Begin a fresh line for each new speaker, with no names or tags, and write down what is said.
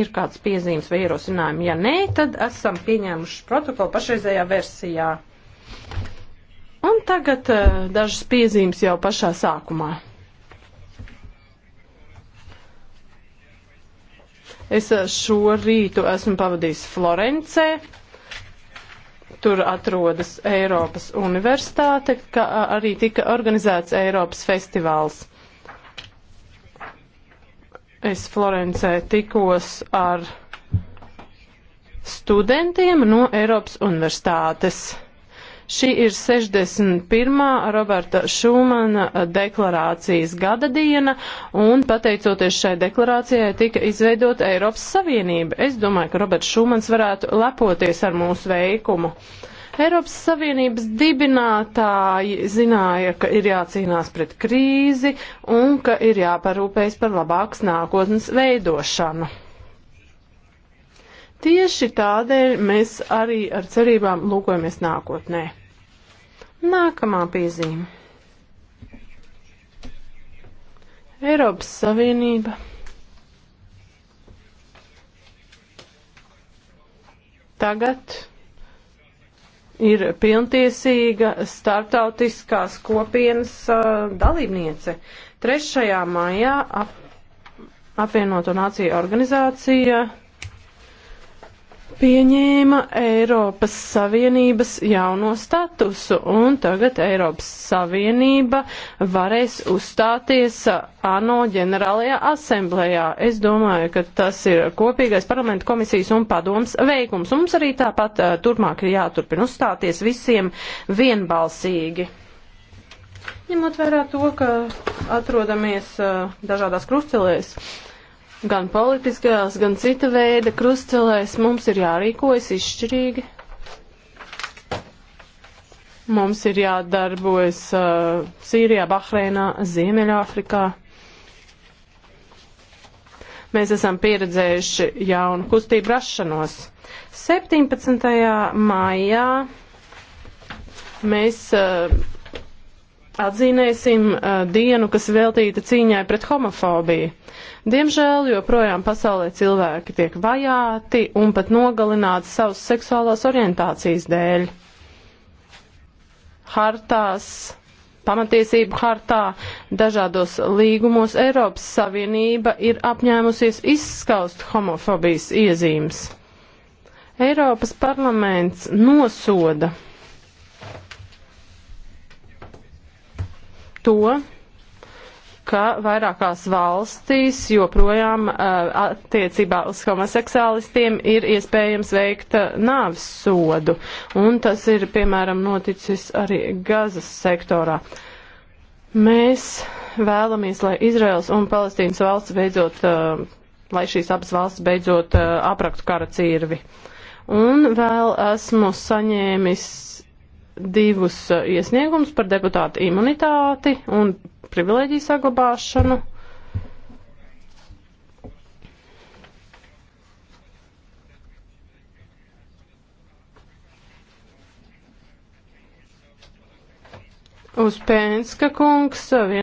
ir kādas piezīmes vai ierosinājumi. Ja nē, tad esam pieņēmuši protokolu pašreizējā versijā. Un tagad uh, dažas piezīmes jau pašā sākumā. Es uh, šo rītu esmu pavadījis Florencē. Tur atrodas Eiropas universitāte, kā arī tika organizēts Eiropas festivāls. Es Florencē tikos ar studentiem no Eiropas universitātes. Šī ir 61. Roberta Šumana deklarācijas gada diena, un pateicoties šai deklarācijai tika izveidota Eiropas Savienība. Es domāju, ka Roberts Šumans varētu lepoties ar mūsu veikumu. Uh, Eiropas Savienības dibinātāji zināja, ka ir jācīnās pret krīzi un ka ir jāparūpējas par labākas nākotnes veidošanu. Tieši tādēļ mēs arī ar cerībām lūkojamies nākotnē. Nākamā piezīme. Eiropas Savienība. Tagad ir pilntiesīga starptautiskās kopienas uh, dalībniece. 3. maijā ap, apvienoto nāciju organizācija uh, pieņēma Eiropas Savienības jauno statusu, un tagad Eiropas Savienība varēs uzstāties ANO ģenerālajā asemblējā. Es domāju, ka tas ir kopīgais parlamenta komisijas un padoms veikums. Mums arī tāpat eh, turpmāk ir jāturpina uzstāties visiem vienbalsīgi. Ņemot vērā to, ka atrodamies eh, dažādās krustcelēs gan politiskajās, gan cita veida krustcelēs mums ir jārīkojas izšķirīgi. Mums ir jādarbojas uh, Sīrijā, Bahreinā, Ziemeļāfrikā. Mēs esam pieredzējuši jaunu kustību rašanos. 17. maijā mēs uh, atzīmēsim uh, dienu, kas veltīta cīņai pret homofobiju. Uh, Diemžēl joprojām pasaulē cilvēki tiek vajāti un pat nogalināti savas seksuālās orientācijas dēļ. Hartās, pamatiesību hartā, dažādos līgumos Eiropas Savienība ir apņēmusies izskaust homofobijas iezīmes. Eiropas parlaments nosoda to, ka vairākās valstīs joprojām uh, attiecībā uz homoseksuālistiem ir iespējams veikt uh, nāvis sodu. Un tas ir, piemēram, noticis arī Gazas sektorā. Mēs vēlamies, lai Izraels un Palestīnas valsts beidzot, uh, lai šīs abas valsts beidzot apraktu kara cīrvi. Un vēl esmu saņēmis divus iesniegumus par deputātu imunitāti un par privileģiju saglabāšanu. Uz Pēnska kungs.